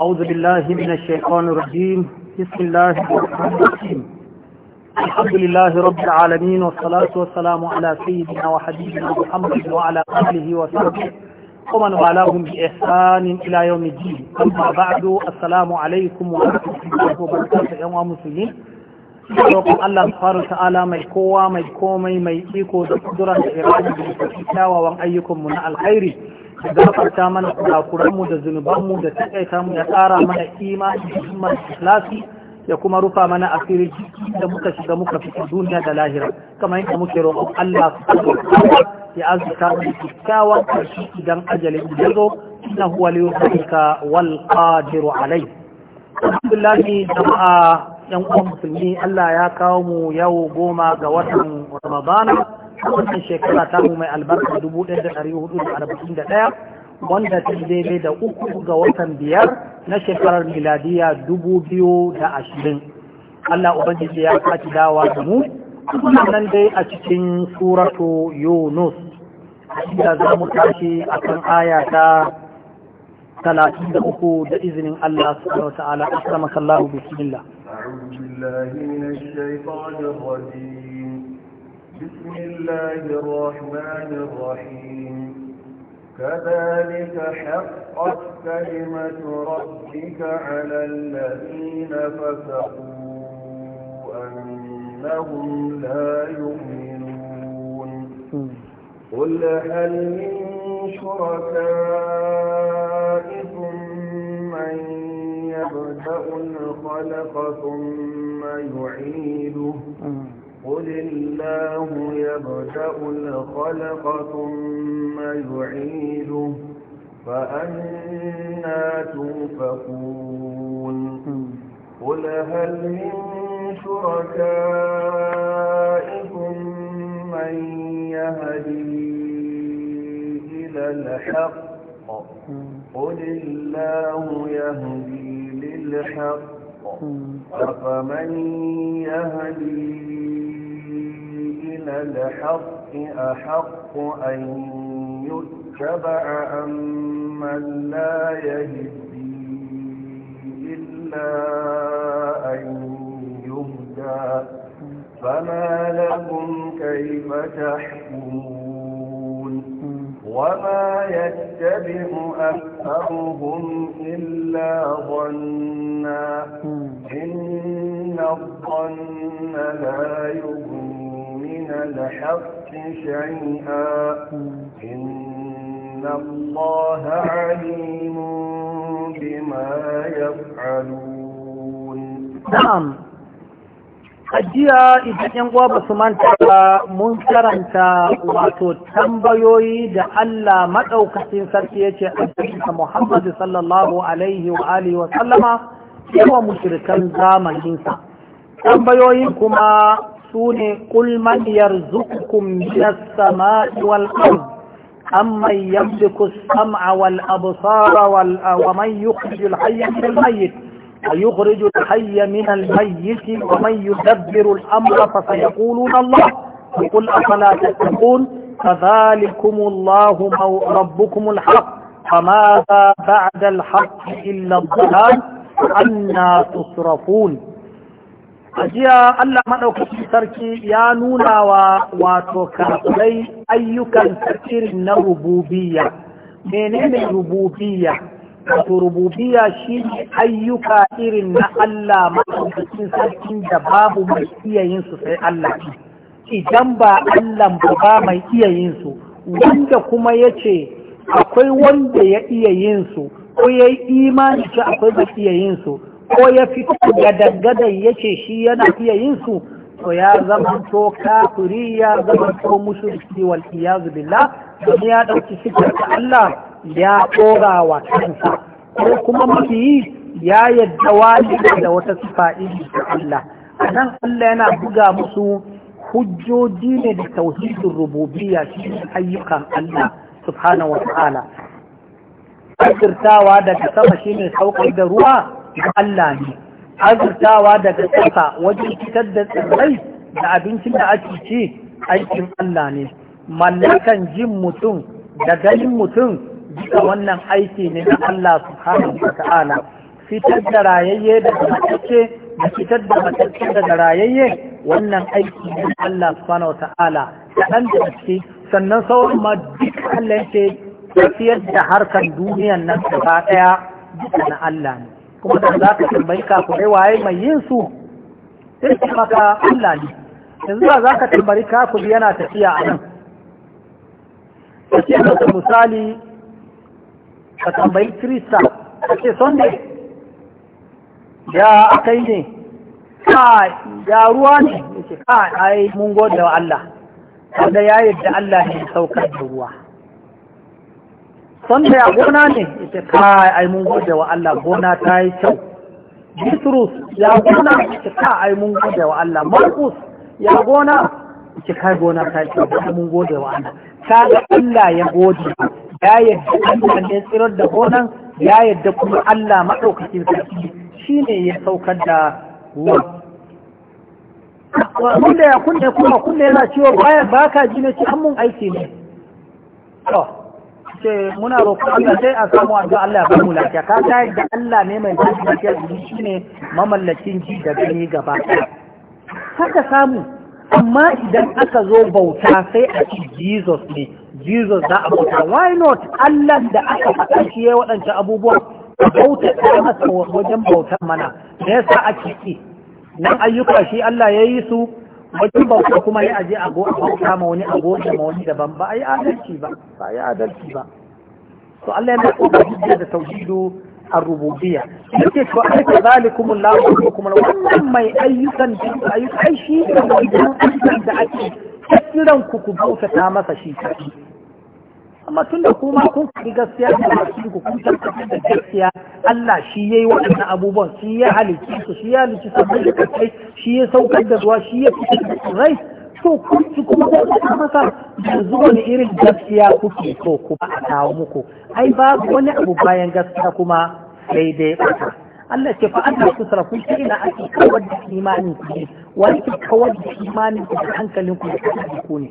أعوذ بالله من الشيطان الرجيم بسم الله الرحمن الرحيم الحمد لله رب العالمين والصلاة والسلام على سيدنا وحبيبنا محمد وعلى آله وصحبه ومن والاهم بإحسان إلى يوم الدين أما بعد السلام عليكم ورحمة الله وبركاته يا مسلمين يكوى ما يكوى ما يكوى ما يكوى ما يكوى ما يكوى ما يكوى ما يكوى ما يكوى ما يكوى da gafarta mana kurakuranmu da zunubanmu da takaita mu ya tsara mana ƙima da himmar ya kuma rufa mana asiri da muka shiga muka fita duniya da lahira kamar yadda muke roƙon Allah subhanahu kuma ya azuta mu kyakkyawa karshe idan ajalin ya zo innahu waliyyu dhalika wal qadiru alai alhamdulillah jama'a yan uwan musulmi Allah ya kawo mu yau goma ga watan Ramadana wannan shekara ta mai albarka 1441 wanda ta daidai da uku ga watan biyar na shekarar miladiya 2020 Allah Ubangiji ya kaci dawa da mu kuma nan dai a cikin suratu Yunus da za mu tashi a kan aya ta 33 da izinin Allah subhanahu wa ta'ala asalamu sallahu bismillah أعوذ بالله من الشيطان الرجيم بسم الله الرحمن الرحيم كذلك حقت كلمة ربك على الذين فسقوا أنهم لا يؤمنون قل هل من شركائكم من يبدأ الخلق ثم يعيده قل الله يبدأ الخلق ثم يعيده فأنا توفقون قل هل من شركائكم من يهدي إلى الحق قل الله يهدي للحق أفمن يهدي دين الحق أحق أن يتبع أمن لا يهدي إلا أن يهدى فما لكم كيف تحكمون وما يتبع أكثرهم إلا ظنا إن الظن لا يغني لحق شيئا إن الله عليم بما يفعلون نعم ajiya idan yan uwa ba su manta mun karanta wato tambayoyi da Allah maɗaukacin sarki yace annabi Muhammad sallallahu alaihi wa alihi wa sallama zamaninsa tambayoyin kuma سوني قل من يرزقكم من السماء والأرض أمن يملك السمع والأبصار ومن يخرج الحي من الميت ويخرج الحي من الميت ومن يدبر الأمر فسيقولون الله فقل أفلا تتقون فذلكم الله ربكم الحق فماذا بعد الحق إلا الضلال أنا تصرفون a jiya Allah maɗaukaki sarki ya nuna wa wato kafirai ayyukan tafirin na rububiyya menene rububiyya wato rububiyya shi ne ayyuka irin na Allah maɗaukakin sarkin da babu mai iya su sai Allah ki. idan ba Allah ba ba mai iya yin su wanda kuma ya ce akwai wanda ya iya yin su ko ya yi imani ce akwai mai iya yin su ko ya fi gadan-gadan shi yana iya yin su to ya zama to kafiri ya zama to mushriki wal iyazu billah don ya ɗauki sifar ta Allah ya ɗora wa kansa ko kuma mafi ya yadda wani da wata sifa ta Allah a nan Allah yana buga musu hujjoji ne da tauhidin rububiyya shi ayyukan Allah subhanahu wa ta'ala. Ajirtawa daga sama shine saukar da ruwa Allah ne azurtawa daga ƙasa wajen fitar da tsirrai da abincin da ake ce aikin Allah ne mallakan jin mutum da ganin mutum duka wannan aiki ne na Allah subhanahu wa ta'ala fitar da rayayye daga matacce da fitar da matacce daga rayayye wannan aiki ne na Allah subhanahu wa ta'ala kaɗan da gaske sannan sauran ma duk Allah yake tafiyar da harkar duniyan nan gaba ɗaya duka na Allah ne kuma da za ka tambayi kafirai waye mai yin su sai su maka Allah ne yanzu ba za ka tambayi kafiri yana tafiya a nan sai ka misali ka tambayi krista ka ce sunday ya akai ne ka ya ruwa ne ya ce ka ai mun gode wa Allah kada ya yadda Allah ne saukar da ruwa son ya gona ne ita kai ai mun gode wa Allah gona ta yi kyau Bitrus ya gona ita ka ai mun gode wa Allah Markus ya gona ita kai gona ta yi kyau mun gode wa Allah kaga Allah ya gode ya yadda Allah ne tsirar da gonan ya yadda kuma Allah maɗaukacin sarki shine ya saukar da ruwan da ya kunne kuma kunne yana ciwo baya baka ji ne ci an mun aiki ne ce muna roƙon Allah sai a samu addu'a Allah ya ba mu lafiya ka ta Allah ne mai tashi lafiya shi ne mamallakin ji da gani gaba haka samu amma idan aka zo bauta sai a ci Jesus ne Jesus za a bauta why not Allah da aka faɗa shi ya waɗancan abubuwa bauta ta masa wajen bautar mana me yasa ake ki nan ayyuka shi Allah ya yi su wajen bauta kuma ya aje ago a bauta ma wani ago da ma wani daban ba a yi adalci ba ba a yi adalci ba to Allah yana da hujja da tauhidu ar-rububiyya yake to ai ka zalikum Allah kuma wannan mai ayyukan da ayyukan shi da wannan ayyukan da ake kiran ku ku bauta ta masa shi kai amma tunda kuma kun faɗi gaskiya da bakin ku kun tabbatar da gaskiya Allah shi ya yi waɗannan abubuwan shi ya halicci su shi ya halicci sabbin da kai shi ya saukar da ruwa shi ya fitar da rai to kun ci kuma da ta masa yanzu wani irin gaskiya kuke so kuma a kawo muku ai ba wani abu bayan gaskiya kuma sai dai ɓata Allah ce fa Allah ku sarrafu shi ina ake kawar da imanin ku ne wani kawar da imanin ku da hankalin ku da ku ne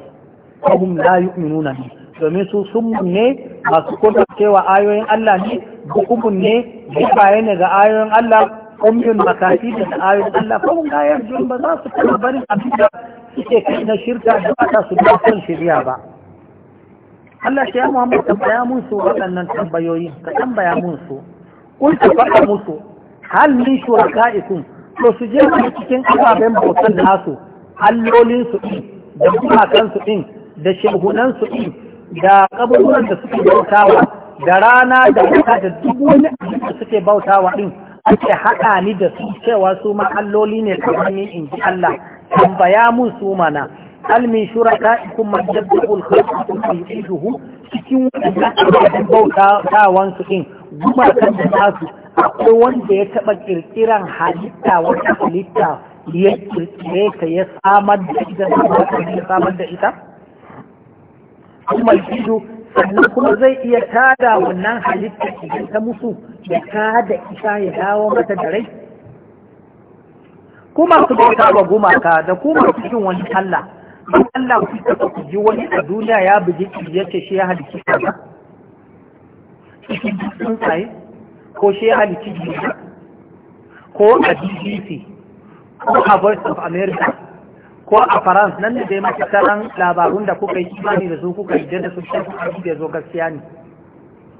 fahum la nuna ne, domin su sun ne masu kunta cewa ayoyin Allah ne bukumun ne bukaye ne ga ayoyin Allah ummin makafi da ayoyin Allah fahum la yarjun ba za su kuma barin abin da suke kai na shirka da ba su da son shirya ba Allah shi ya Muhammad tambaya mun su waɗannan tambayoyi ka tambaya mun su ulta faɗa musu hal min shuraka'ikum to su je cikin ababen bautan nasu allolin su din da kuma kansu din da shehunansu ɗin da kaburburan da suke bautawa da rana da wata da duk wani da suke bautawa ɗin ake haɗa ni da su cewa su ma alloli ne kamar ni in ji Allah tambaya mun su mana hal min shuraka'ikum man yabda'u al-khalqa thumma yu'iduhu cikin wadannan ababen bautawan su din gumakan da nasu akwai wanda ya taɓa ƙirƙiran halitta wata halitta ya kirkire ka ya samar da ita ya samar da ita kuma jido sannan kuma zai iya tada wannan halitta idan ta musu ya tada isa ya dawo mata da rai kuma ku bauta wa gumaka da kuma ku jin wani Allah in Allah ku ta ku ji wani a duniya ya buji ki ya ce shi ya ka ba sun tsaye ko shi ya ki ko a BBC ko a Voice of America ko a Faransa nan da dai taron labarun da kuka yi imani da su kuka yi da su a da zo gaskiya ne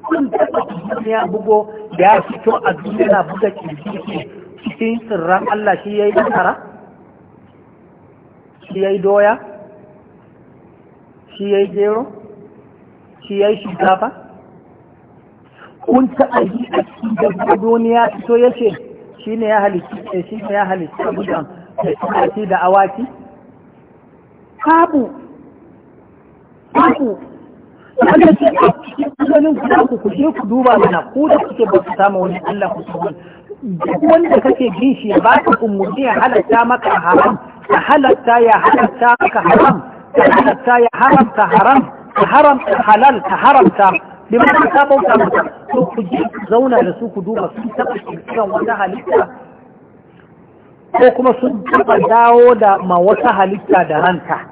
kun taɓa ya bugo da ya fito a duniya na buga kirki cikin tsirran Allah shi ya yi nasara shi ya yi doya shi ya yi gero shi ya yi shinkafa kun taɓa yi a cikin da duniya fito ya ce shi ne ya halitta shi ne ya halitta abujan da awaki babu babu wanda ke a cikin asalin ku ku ku je ku duba mana ku da kuke ba ku samu wani Allah ku samu duk wanda kake bin shi ya ba ka umurni ya halatta maka haram ya halatta ya halatta maka haram ya halatta ya haramta haram ka haramta halal ka haramta liman ka bauta maka to ku je ku zauna da su ku duba sun taɓa kirkiran wata halitta ko kuma sun taɓa dawo da ma wata halitta da ranta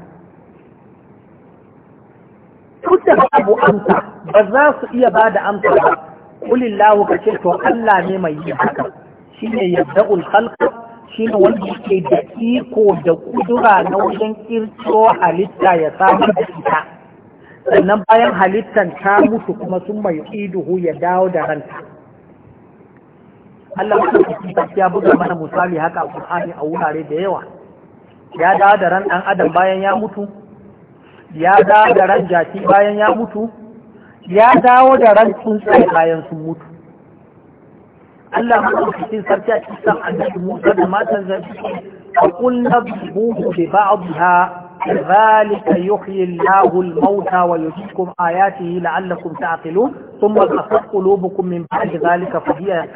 duk da babu amsa ba za su iya ba da amsa ba kulillahu ka ce to Allah ne mai yi haka yadda yabda'ul shi ne wanda yake da iko da kudura na wajen kirkiro halitta ya samu da ita sannan bayan halittan ta mutu kuma sun mai iduhu ya dawo da ranta Allah ya buga mana misali haka a Qur'ani a wurare da yawa ya dawo da ran ɗan adam bayan ya mutu ya dawo da ran jaki bayan ya mutu ya dawo da ran tsuntsaye bayan sun mutu Allah ma cikin sarki a cikin annabi Musa da matan zafi a kullum buhu da ba'abuha ذلك يحيي الله الموتى ويجيكم آياته لعلكم تعقلون ثم قصت قلوبكم من بعد ذلك فهي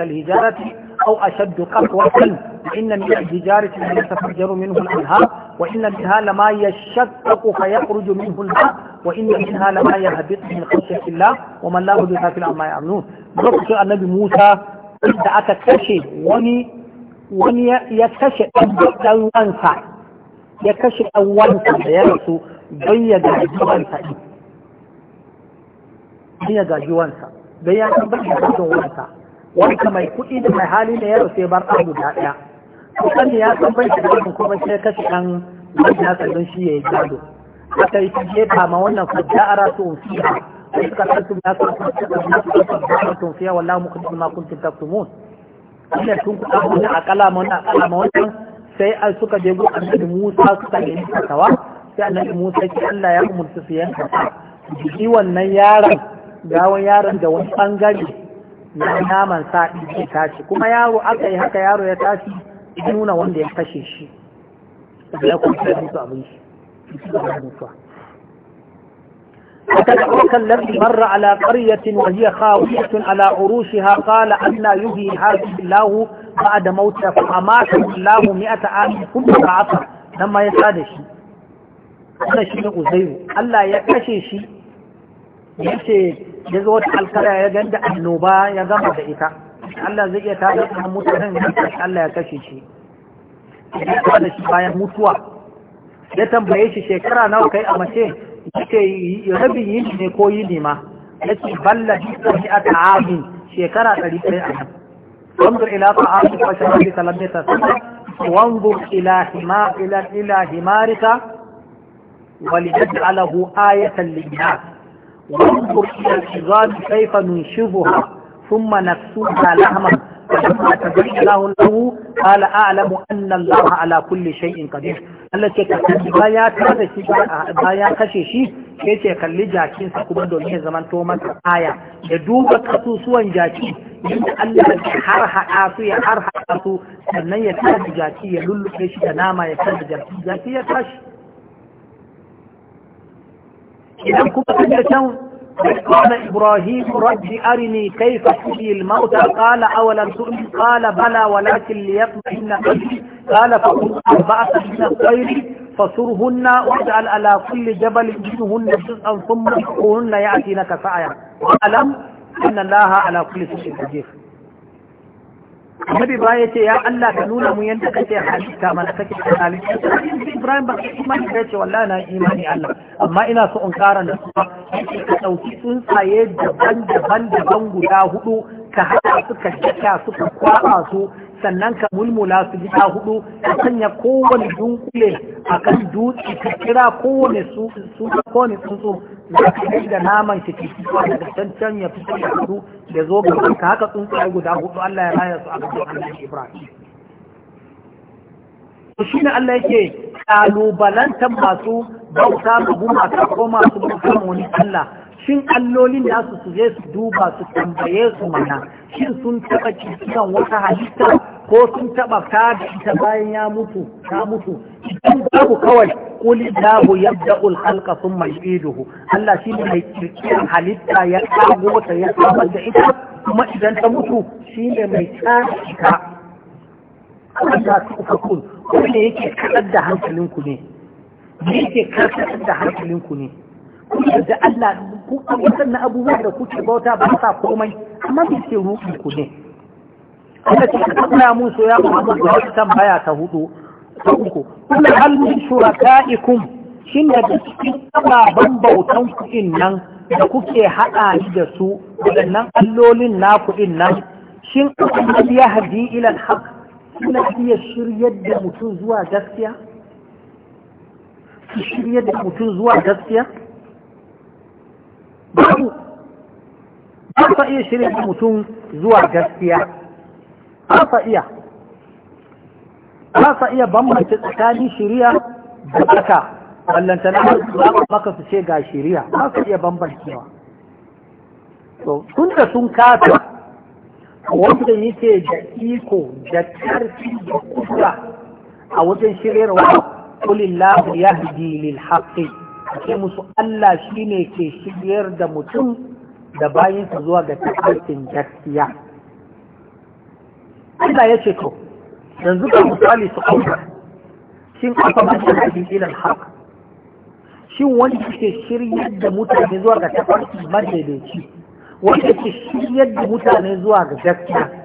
أو أشد قسوة فإن من الحجارة ما يتفجر منه الأنهار وإن منها لما يشقق فيخرج منه الماء وإن منها لما يهبط من خشية الله ومن لا بد في عما يعملون lokacin annabi Musa da aka kashe wani wani ya kashe ɗan wansa ya kashe ɗan wansa da ya rasu don ya ya gaji wansa ya wansa wanka mai kuɗi da mai hali da ya sai bar abu guda ɗaya kusan ya san bai da wannan kuma sai kashi ɗan wanda ya don shi ya yi gado aka yi shige kama wannan ku da'ara su fiya sai suka kasu na su kasu da su fiya wallahi mu kuntum ma kuntum taktumun ina tun ku abu na akala ma wannan akala ma wannan sai an suka je gu annabi Musa suka yi kawa, sai annabi Musa ki Allah ya umurta su yanka jiki wannan yaron gawan yaron da wani bangare na naman sa ɗin tashi kuma yaro aka yi haka yaro ya tashi nuna wanda ya kashe shi ya kuma ya mutu abin shi وكذلك الذي مر على قرية وهي خاوية على عروشها قال أن يهي هذه الله بعد موته فأمات الله مئة عام ثم بعثه لما يسعد شيء أنا شيء أزير ألا يكشي شيء yace ya zo wata alkara ya ganda annoba ya gama da ita Allah zai iya tada da mutanen Allah ya kashe shi ya da shi bayan mutuwa ya tambaye shi shekara nawa kai a mace ya rabin yin ne ko ne ma yace balla bi a ta'amin shekara ɗari ɗaya a nan wanzur ila ta'amin fa sharabi kalamita wanzur ila hima ila ila himarika walijad'alahu ayatan lin وانظر إلى العظام كيف ننشبها ثم نكسوها لهما فلما تبين له له قال أعلم أن الله على كل شيء قدير Allah ce ka kalli baya ta da shi baya kashe shi sai ce kalli jakinsa kuma domin ya zaman to masa aya Ya duba kasusuwan jaki yadda Allah ya har haɗa su ya har sannan ya tashi jaki ya shi nama ya kalli ya tashi idan kuka kaje can ibrahim rabbi arini kai, tuhyi al-mauta qala awalam tu'min qala bala walakin liyatma'inna qalbi qala fa qul arba'atu min khairi fasurhunna waj'al ala kulli jabal minhun jiz'an thumma qulna ya'tinaka sa'ya alam inna allaha ala kulli shay'in qadir annabi ba ya ce ya Allah ka nuna mu yadda kake halitta mana kake halitta Ibrahim ba imani ya ce wallahi na imani Allah amma ina so in kara da kuma ka tsuntsaye daban-daban daban guda hudu ka haɗa suka shaka suka kwaɓa su sannan ka mulmula su gida hudu ka sanya kowane dunkule a kan dutse ka kira kowane su kowane tsuntsu za ka yi da naman shi ke fitowa daga can ya fito da hudu da zo ga ka haka tsuntsu ya guda hudu Allah ya raya su a gaban Allah Ibrahim. shi ne Allah yake kalubalantar masu bauta ga gumaka ko masu bautar wani Allah shin allolin da su suje su duba su tambaye su mana shin sun taba cikin wata halitta ko sun taba ka da ita bayan ya mutu ta mutu idan babu kawai kuli lahu al khalqa thumma yu'iduhu Allah shi ne mai kirkiran halitta ya kago ta ya samar da ita kuma idan ta mutu shi ne mai tsaka Allah ta ku fakun ko ne yake kadar da hankalinku ne da yake karkatar da hankalinku ne kuma da Allah ku na abubuwan da kuke bauta ba sa komai amma me ke ruɗin ku ne kuma ce ka tsaya mun so ya ku da wata tambaya ta hudu ta uku kuma hal min shuraka'ikum shin da cikin ban bautan kuɗin nan da kuke haɗa ni da su waɗannan allolin na kuɗin nan shin akwai ya hadi ila al-haq iya shiryar da mutum zuwa gaskiya su shirya da mutum zuwa gaskiya babu ba sa iya shirya da mutum zuwa gaskiya ba sa iya ba sa iya bambanta tsakanin shirya da baka ballantana ba maka su ce ga shirya ba sa iya bambancewa so tun da sun kasa wanda yake da iko da karfi da kusa a wajen shirya shiryarwa kulillahu yahdi lil haqqi sai musu Allah ne ke shigiyar da mutum da bayansa zuwa ga tafarkin gaskiya Allah ya ce to yanzu ga misali su shi shin aka ba shi hadi ila al shin wanda ke shiryar da mutane zuwa ga tafarkin madaidaici wanda ke shiryar da mutane zuwa ga gaskiya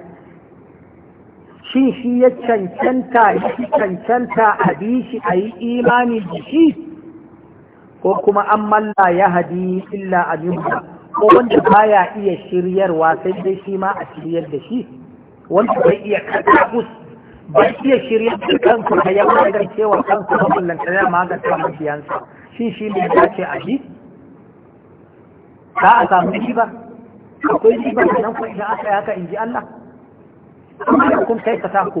shin shi ya cancanta shi cancanta a bi shi a yi imani da shi ko kuma an malla ya hadi illa a ko wanda baya iya shiryarwa sai dai shi ma a shiryar da shi wanda bai iya katakus bai iya shiryar da kansu a ya magance cewa kansu ba ballanta ya magance mafiyansa shi shi ne ya ce a bi? ba a samu shi ba akwai shi ba nan kwa idan aka yi haka in ji Allah amma kun kai ka ta ku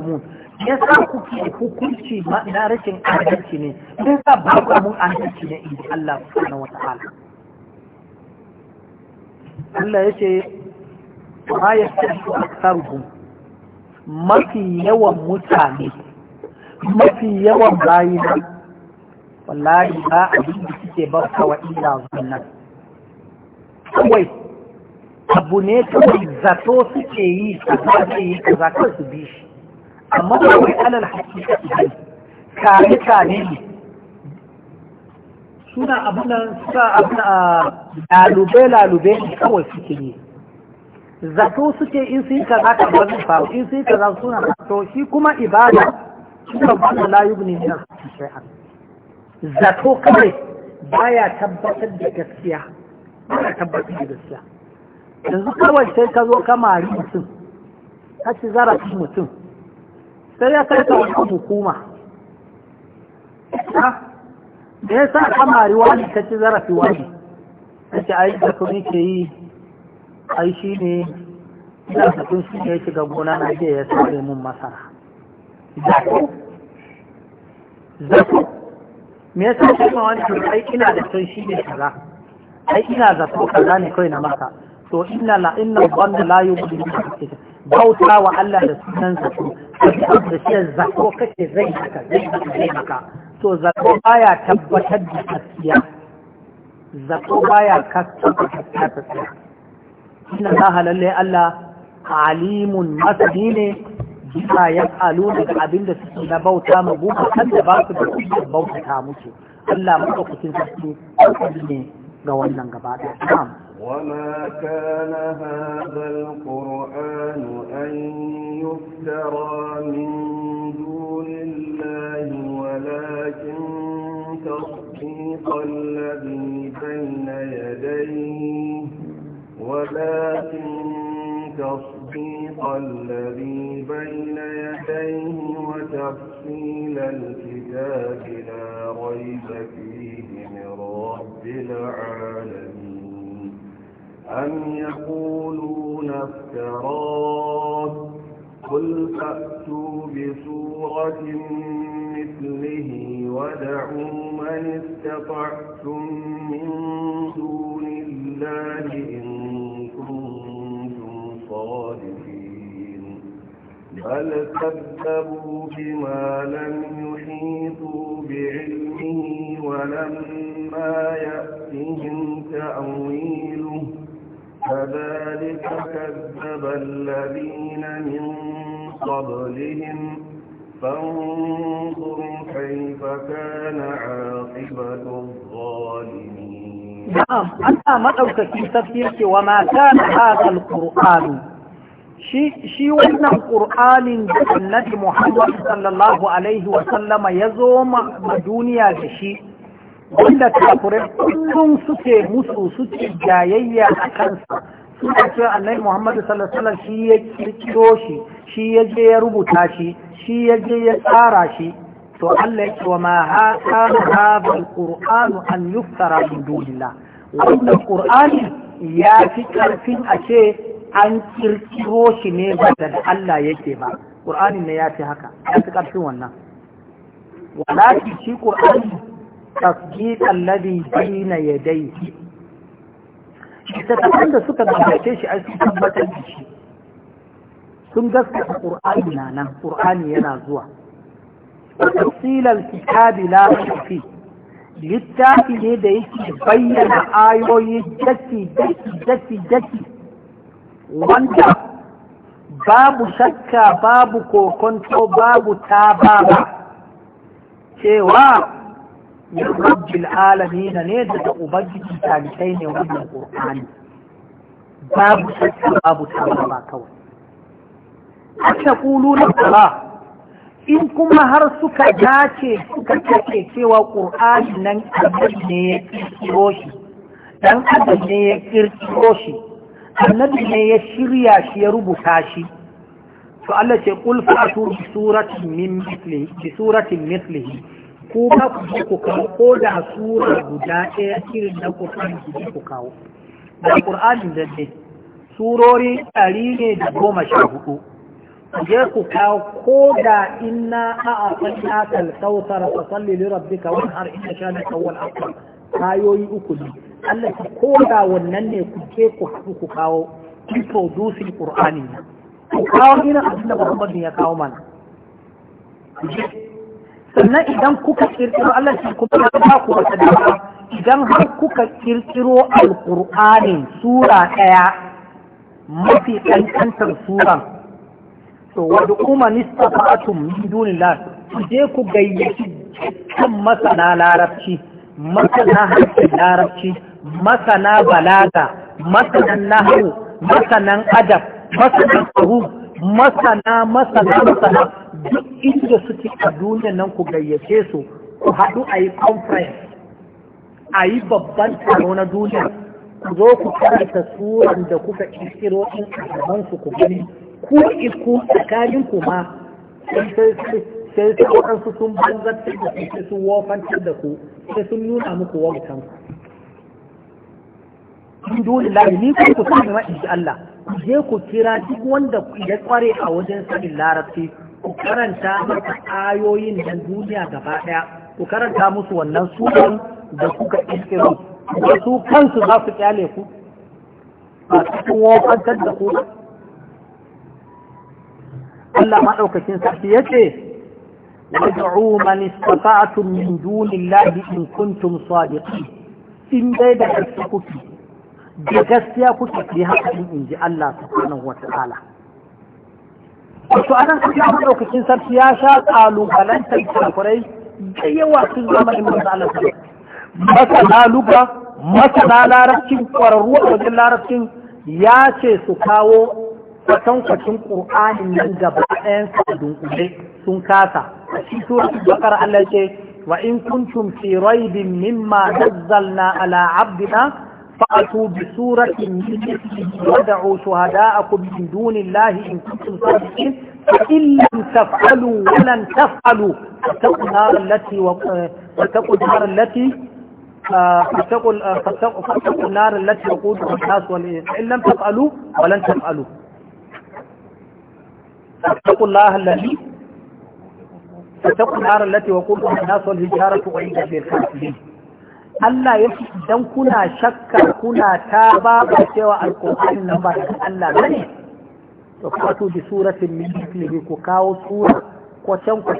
ya sa ku hukunci na rashin adalci ne ya sa ba ku mun adalci ne in Allah subhanahu wata'ala Allah ya ce ma ya tashi aksaruhum mafi yawan mutane mafi yawan bayina wallahi ba abin da kike ba kawai illa wannan kawai abu ne kawai zato suke yi kaza zai yi kaza kawai su bi shi amma ba wai alal hakika ne kare kare ne suna abin sa abin a ah, lalube lalube ne kawai suke yi zato suke in su yi kaza ka ba in su yi kaza suna to shi kuma ibada shi ka ba da layu ne min shay'an zato kawai baya tabbatar da gaskiya baya tabbatar da gaskiya yanzu kawai sai ka zo ka mari mutum ka ci zarafin mutum sai ya kai ka wani hukuma da ya sa ka mari wani ka ci zarafi wani ka ce ai da kuma ke yi ai shi ne ina tafin shi ne ya shiga gona na je ya sare mun masara zato zato me yasa kuma wani ai ina da san shi ne kaza ai ina zato kaza ne kawai na maka to inna la inna dhanna la yughni bauta wa Allah da sunan sa da shi zato kake zai haka zai haka to zato baya tabbatar da gaskiya zato baya kasar da gaskiya ta tsaya inna Allah lalle Allah alimun masani ne bisa ya alu daga abin da suke na bauta ma buka kan da ba su da kuɗin bauta musu Allah muka kucin sarki ne ga wannan gaba ɗaya وما كان هذا القرآن أن يفترى من دون الله ولكن تصديق الذي بين يديه ولكن تصديق الذي بين يديه وتفصيل الكتاب لا ريب فيه من رب العالمين أم يقولون افتراه قل فأتوا بسورة مثله ودعوا من استطعتم من دون الله إن كنتم صادقين بل كذبوا بما لم يحيطوا بعلمه ولما يأتهم تأويل كذلك كذب الذين من قبلهم فانظر كيف كان عاقبة الظالمين نعم أنا ما أعرف في تفسيرك وما كان هذا القرآن شيء شيء من القرآن النبي محمد صلى الله عليه وسلم يزوم الدنيا شيء wanda kafirai kullum suke musu suke jayayya a kansa suna cewa annabi muhammadu sallallahu shi ya kirkiro shi shi ya je ya rubuta shi shi ya je ya tsara shi to Allah ya ce wa ma kana hadha alquran an yuftara min dunillah wannan qur'ani ya fi karfin a ce an kirkiro shi ne ba da Allah yake ba qur'anin ne ya fi haka ya fi karfin wannan walakin shi qur'ani tasdiq alladhi bayna yadayhi littattafan da suka gabace shi a cikin da shi sun gaskata qur'ani na nan ƙur'ani yana zuwa tafsilal kitabi la fi littafi ne da yake bayyana ayoyi daki daki daki daki wanda babu shakka babu kokonto babu ba. cewa min rabbil alamin ne daga ubangiji talibai ne wannan qur'ani babu shakka babu kawai hatta quluna sala in kuma har suka dace suka kace cewa qur'ani nan annabi ne ya kirkiro shi dan adam ne ya kirkiro shi annabi ne ya shirya shi ya rubuta shi to Allah ce qul fa'tu bi suratin min mithlihi bi suratin mithlihi ko ba ku je ku kawo ko da sura guda ɗaya irin na Qur'ani ku je ku kawo da Qur'anin da ne surori ɗari ne da goma sha hudu ku je ku kawo ko da inna a asanna kalkautar fa salli li rabbika har inna shanaka huwal abtar kayoyi uku ne Allah ki ko da wannan ne ku je ku haɗu ku kawo ki producing Qur'anin ku kawo irin abin da Muhammad ya kawo mana sannan idan kuka kirkiro Allah shi kuma ya ba ku wata dama idan har kuka kirkiro alqur'ani sura ɗaya mafi kankantar sura, to wadda kuma nistafatun min dunillah ku je ku gayyaci kan masana larabci masana harshen larabci masana balaga masanan nahu masanan adab masanan tsaro masana masana masana duk inda suke a duniya nan ku gayyace su ku haɗu a yi conference a yi babban taro na duniya ku zo ku karanta suran da kuka kirkiro in a su ku gani ku iku tsakanin ku ma sai sai sun banzartar da su sai sun wofantar da ku sai sun nuna muku wautan ku in dole lahi ni ku ku sami ma Allah ku je ku kira duk wanda ya kware a wajen sabin larabci ku karanta maka ayoyin da duniya gaba ɗaya ku karanta musu wannan sunan da kuka iskiru da su kansu za su kyale ku su cikin wofantar da ku Allah maɗaukakin sarki ya ce wad'u man istata'tum min dunillahi in kuntum sadiqin in dai da gaske kuke da gaskiya kuke ki haka in ji Allah subhanahu wa ta'ala wato anan kuma daukakin sarki ya sha kalubalantar kafirai da yawa sun zama imam da Allah masana luga masana larabcin kwararru a wajen larabcin ya ce su kawo kwatankwacin ƙur'anin nan gaba ɗayan sa sun kasa a cikin suratul baqara Allah ce wa in kuntum fi raibin mimma nazzalna ala abdina فأتوا بسورة من ودعوا شهداءكم من دون الله إن كنتم صادقين فإن لم تفعلوا ولن تفعلوا فاتقوا النار التي فاتقوا النار التي آه، آه، فاتقوا النار التي وقودها الناس والإنس فإن لم تفعلوا ولن تفعلوا فاتقوا الله الذي فاتقوا النار التي وقودها الناس والحجارة وعيدا للكافرين Allah ya fi idan kuna shakka kuna ta ba ba cewa alƙur'ani nan ba daga Allah ba ne to fatu bi suratin min mithlihi ku kawo sura ko can ku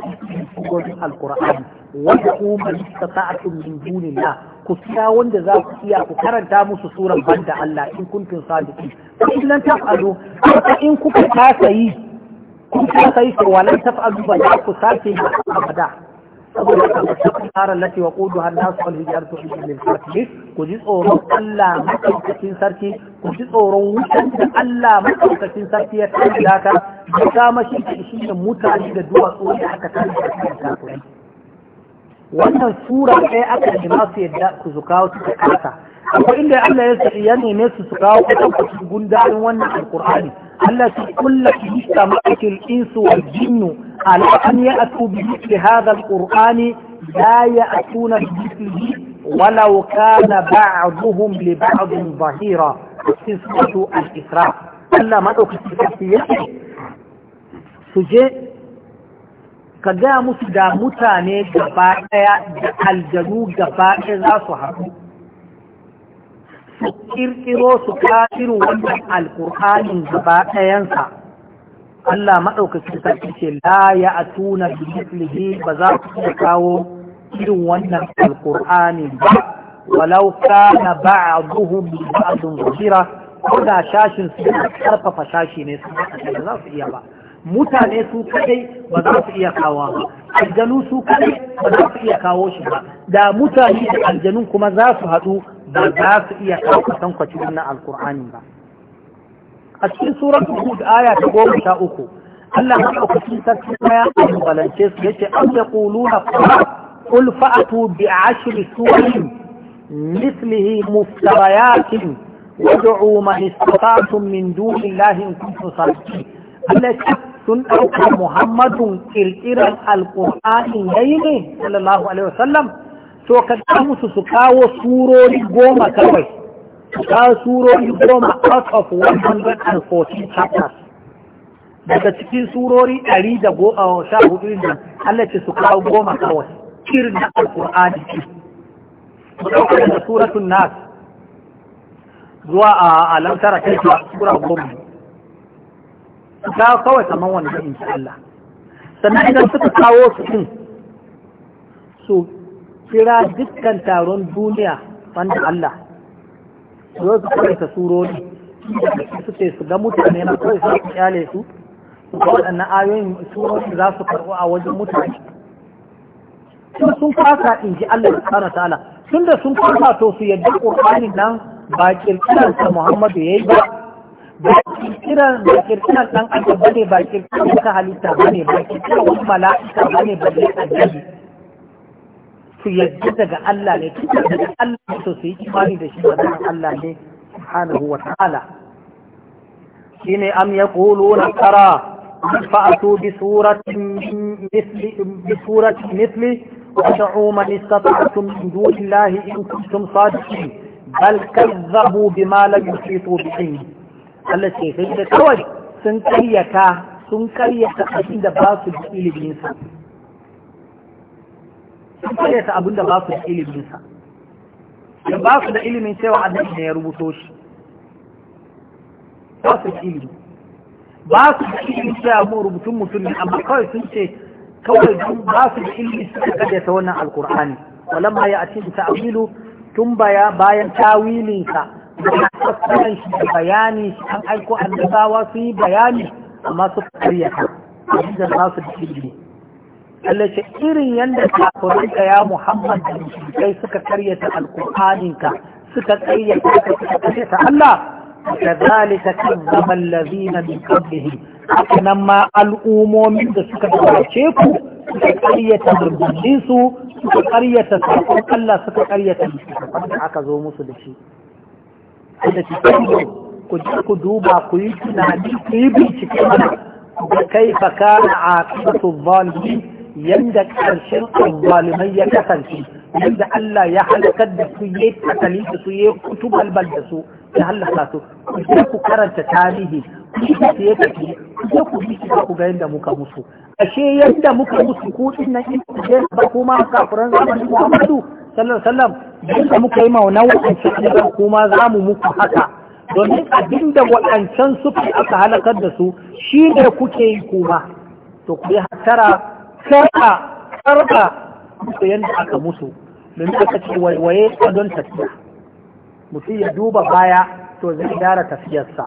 ku gudun alƙur'ani wanda umar istata'tum min dunillah ku kira wanda za ku iya ku karanta musu suran banda Allah in kuntum sadiqin in lan taf'alu in kuka kasa yi kun kasa yi to walan taf'alu ba za ku sace abada saboda ka mutum tsara lati wa kudu har nasu wal hijar to shi ne sarki ku ji tsoron Allah madaukakin sarki ku ji tsoron wutan da Allah madaukakin sarki ya kai daka da kama shi shi ne mutane da duwatsu da aka kai da shi kafiri wannan sura ɗaya aka yi masu yadda ku zukawo su ta kasa akwai inda Allah ya nemi ya neme su su kawo kusan gundalin wannan alkur'ani التي كلت اجتمعت الإنس والجن على أن يأتوا بمثل هذا القرآن لا يأتون بمثله ولو كان بعضهم لبعض ظهيرا في سورة الإسراء ألا ما su je ka gaya musu da mutane gaba ɗaya da aljanu gaba ɗaya za su haɗu su kirkiro su kafiru wannan alkur'anin gaba ɗayansa Allah maɗaukaki sarki ce la ya atuna bi mithlihi ba za su iya kawo irin wannan alkur'ani ba walau kana ba'dhum li ba'dhin zahira ko da shashin su karfafa shashi ne su ba za su iya ba mutane su kadai ba za su iya kawo ba aljanu su kadai ba za su iya kawo shi ba da mutane da aljanun kuma za su haɗu ba za su iya ɗaukatan kwacirin na alkur'ani ba a cikin tsoron hudu aya ta goma sha uku allah ya ɗaukacin sarki ɗaya a balance su ya ce an da ƙulu na ƙulfa'atu bi a ashirin suwanin mislihi mustabayakin wajo'u manistatu min dunin lahin kusa sarki allah ya sun ɗauka muhammadun ƙirƙirar alkur'ani ya yi ne sallallahu alaihi wasallam to ka ga musu su kawo surori goma kawai su kawo surori goma out of 114 chapters daga cikin surori 114 da uh, Allah ce su kawo goma kawai kirin da alkur'ani su ɗauka da suratun nas zuwa a uh, alamtara kai sura goma su kawo kawai kamar wanda insha Allah sannan idan suka kawo su su kira dukkan taron duniya wanda Allah zo su kawai ta da su ce su ga mutane na kawai su kyale su su ga waɗannan ayoyin surori za su karɓo a wajen mutane sun sun fasa in ji Allah subhanahu wa ta'ala tun da sun fasa to su yadda Qur'anin nan ba kirkiran sa Muhammadu yayi ba ba kirkiran ba kirkiran dan adam bane ba ƙirƙirar ta halitta bane ba kirkiran wani mala'ika bane a jirgin. su yarda daga Allah ne daga Allah to su yi imani da shi daga Allah ne subhanahu wa ta'ala shine am yaquluna tara fa'atu bi suratin misli bi suratin misli ودعوا من استطعتم من دون الله إن كنتم صادقين بل كذبوا بما لم يحيطوا بعلمه التي في الكوي سنكريتا سنكريتا أكيد باطل في إلي sun karyata abin da ba su da iliminsa da ba su da ilimin cewa annabi ne ya rubuto shi ba su da ilimi ba su da ilimin cewa mu rubutun mutum ne amma kawai sun ce kawai sun ba su da ilimi suka karyata wannan alkur'ani walamma ya ati ta'wilu tun baya bayan tawilinsa da fassaran shi da bayani shi an aiko annabawa su yi bayani amma suka karyata abin da ba su da ilimi Allah ce irin yadda kafirinka ya Muhammad da kai suka karyata alƙur'aninka suka karyata suka karyata Allah kazalika kazzaba allazina min qablihim haka nan ma al'umomin da suka gabace ku suka karyata manzannin su suka karyata sakon Allah suka karyata da aka zo musu da shi da shi ku ji ku duba ku yi tunani ku yi bincike mana da kaifa kana aqibatu zalimin yanda ƙarshen zalimai ya kasance yadda Allah ya halakar da su ya takali da su ya kutu balbal da su ya halaka su ku je ku karanta tarihi ku je ku ya tafi ku je ku bi kusa ku ga yadda muka musu ashe yadda muka musu ku din nan in ku je ba kuma kafuran zamanin Muhammadu sallallahu alaihi wasallam yadda muka yi mauna wa'ancan kuma za mu muku haka domin abin da waɗancan suka aka halakar da su shi ne kuke yi kuma to ku yi hattara karɓa karɓa musu yadda aka musu domin aka ce waiwaye don tafiya mutum ya duba baya to zai gyara tafiyarsa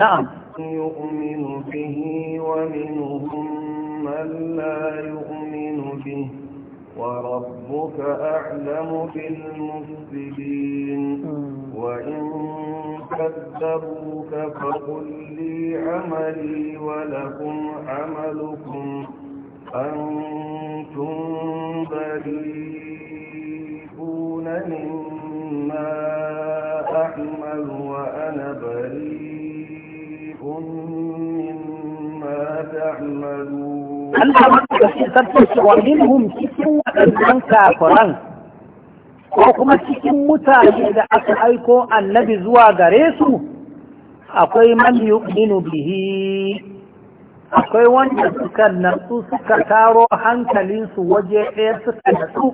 na'am يؤمن به ومنهم من لا يؤمن به وربك أعلم بالمفسدين وإن كذبوك فقل لي عملي ولكم عملكم أنتم بريئون مما أعمل وأنا بريء Allah cikin waɗannan kafiran ko kuma cikin mutane da aka aiko annabi zuwa gare su akwai man yu'minu bihi akwai wanda suka natsu suka taro hankalinsu waje ɗaya suka nasu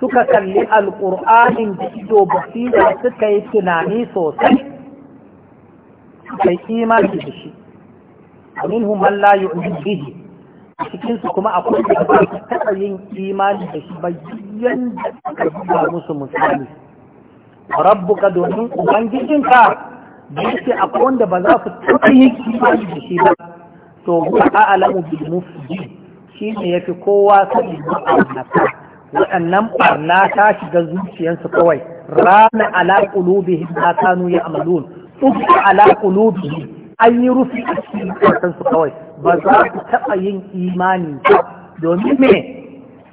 suka kalli alƙur'anin da ido basira suka yi tunani sosai suka yi imani da shi amin man la yu'min bihi a cikin su kuma akwai da ba su taɓa yin imani da shi ba yanda suka buga musu musali rabbuka domin ubangijinka da yake akwai wanda ba za su taɓa yin imani da shi ba to huwa a'lamu bil mufsidin shine yafi kowa sani ma'anata waɗannan barna ta shiga zuciyarsu kawai rana ala qulubihim ma kanu ya'malun ufi ala qulubihim an yi rufi a cikin zuciyarsu kawai ba za su taɓa yin imani ba domin me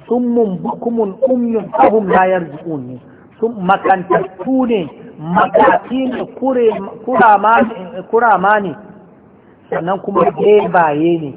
summun bukumun umyun fahum la yarji'un ne sun makantattu ne makafi ne ma ne sannan kuma baye ne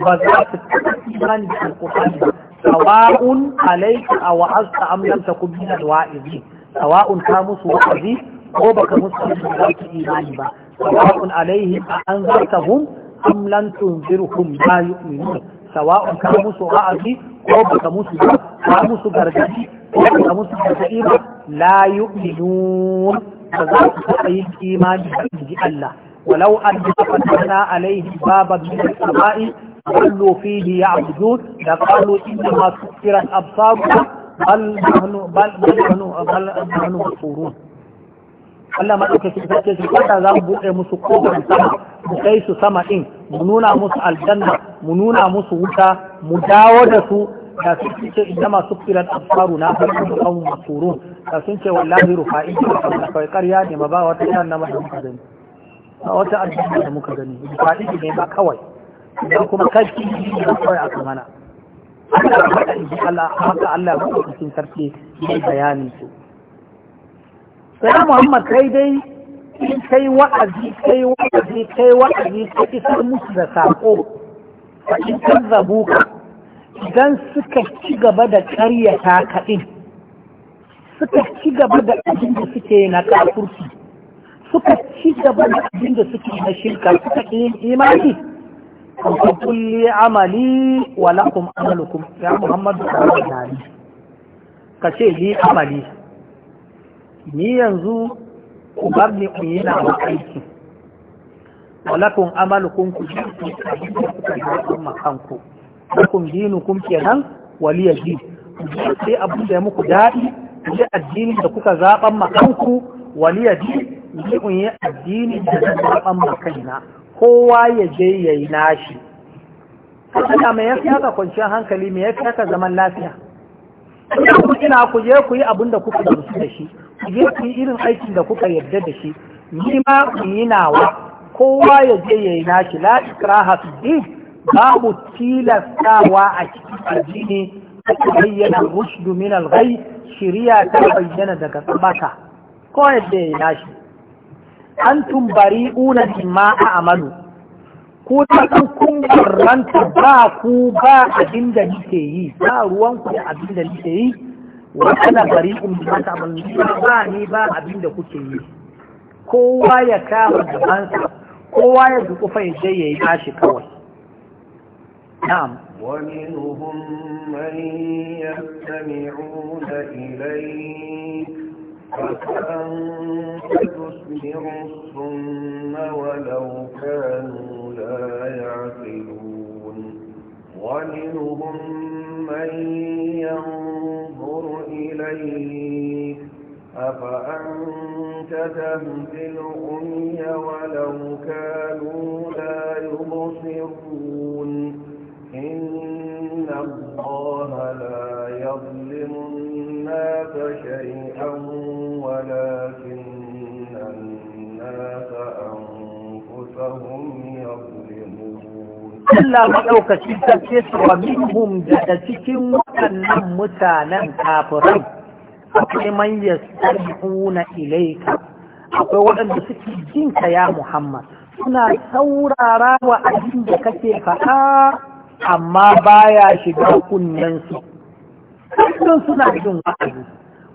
ba za su taɓa imani da alƙur'ani ba sawa'un alaika a wa'azta am lam takun min alwa'izi sawa'un ta musu wa'azi ko baka musu za su imani ba sawa'un alaihim a anzartahum am lam tunzirhum yi yu'minun sawa'un ta musu wa'azi ko baka musu ba ka musu gargadi ko baka musu gargadi ba la yu'minun ba za su taɓa yin imani ba in ji Allah ولو أن فتحنا عليه بابا من السماء ظلوا فيه يعبدون لقالوا إنما سكرت أبصارنا بل نحن بل نحن بل نحن مبصورون Allah maɗaukaki sarki shi, kwata za mu buɗe musu kofar sama mu kai su sama ɗin mu nuna musu aljanna mu nuna musu wuta mu dawo da su da sun ce ce inda masu filan absaru na farko da kan masurun da sun ce wallahi rufa'i da kawai karya ne ma ba wata yana na mahaifin a wata aljanna da muka gani faɗi ne ba kawai idan kuma kashi ne ba kawai aka mana Allah faɗa in Allah haka Allah ya kuma cikin sarki ne bayanin su sai Muhammad kai dai in kai wa'azi kai wa'azi kai wa'azi ka isar musu da saƙo a cikin zabuka idan suka ci gaba da karyata kaɗin suka ci gaba da abin da suke na kafurci suka ci gaba da abin da suke na shirka suka yin imani kamfan kulle amali wa lakum amalukum ya muhammadu sallallahu alaihi ka ce yi amali ni yanzu ku bar ni ku yi na aiki wa lakum amalukum ku ji ku abin da suka yi makanku lakum dinukum kenan waliya ji sai abin da ya muku daɗi ku ji addini da kuka zaɓan makanku waliya ji ni in yi addini da na makaina kowa ya je ya yi nashi Allah mai fi haka kwanciyar hankali mai fi haka zaman lafiya ina ku je ku yi abin da kuka gamsu da shi ku je ku yi irin aikin da kuka yarda da shi ni ma ku yi nawa kowa ya je ya yi nashi la ikraha fi babu tilastawa a cikin addini ta bayyana rushdu min al-ghayb shiriya ta bayyana daga tsabaka ko yadda ya yi nashi antum ma a a'malu ko ta kun ranta ba ku ba abin da nike yi ba ruwan ku da abin da nike yi wa ana bari'un mimma ta'malu ba ni ba abin da kuke yi kowa ya kama gabansa kowa ya fa ya je yayi tashi kawai na'am ومنهم من يستمعون إليك فأنت تسمع الصم ولو كانوا لا يعقلون ومنهم من ينظر إليك أفأنت تهدي الأمي ولو كانوا لا يبصرون إن الله لا يظلم الناس شيئا ولكن الناس أنفسهم يظلمون إلا مدعوك تكس ومنهم جدتك وأنهم متانا كافرين akwai من yasarhuna ilaika akwai waɗanda suke jinka ya Muhammad suna saurara wa abin da kake faɗa amma baya shiga kunnen su suna jin wa'azi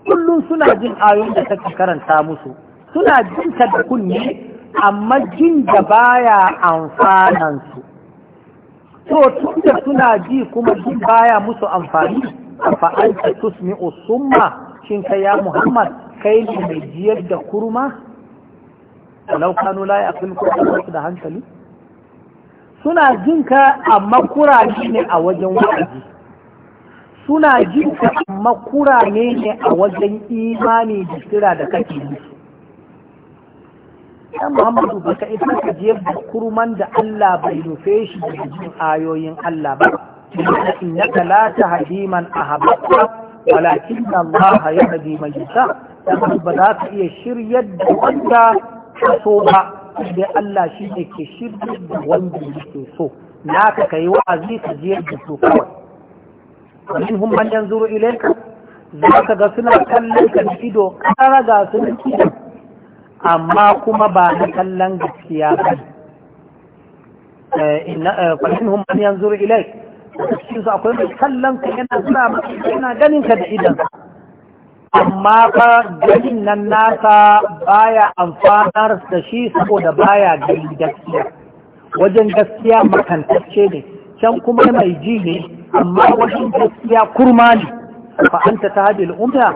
kullum suna jin ayon da take karanta musu suna jin ta da kunni, amma jin da baya amfanan su to tun da suna ji kuma jin baya musu amfani fa ta tusmi'u summa shin kai ya Muhammad kai ne mai jiyar da kurma walau kanu la yaqil da hankali suna jin ka amma kurani ne a wajen wa'azi suna jin ka amma kurane ne a wajen imani da kira da kake su. ɗan Muhammadu ba ka isa ka je kurman da Allah bai rufe shi da jin ayoyin Allah ba innaka la tahdi man ahbabta walakin Allah yahdi man yasha ba za ka iya shiryar da wanda ka so ba sai Allah shi ne ke shiryar da wanda yake so naka kai wa'azi ka je da su kawai minhum man yanzuru ilayka zaka ga suna kallon ka ido kara ga su amma kuma ba na kallon gaskiya ba fa minhum man yanzuru ilayka cikin su akwai mai kallon ka yana zura maka yana ganin ka da idan amma fa ganin nan nasa baya amfanar da shi saboda baya gani gaskiya wajen gaskiya makantacce ne Idan kuma mai ji ne amma wajen gaskiya kurma ne fa anta tahdil umma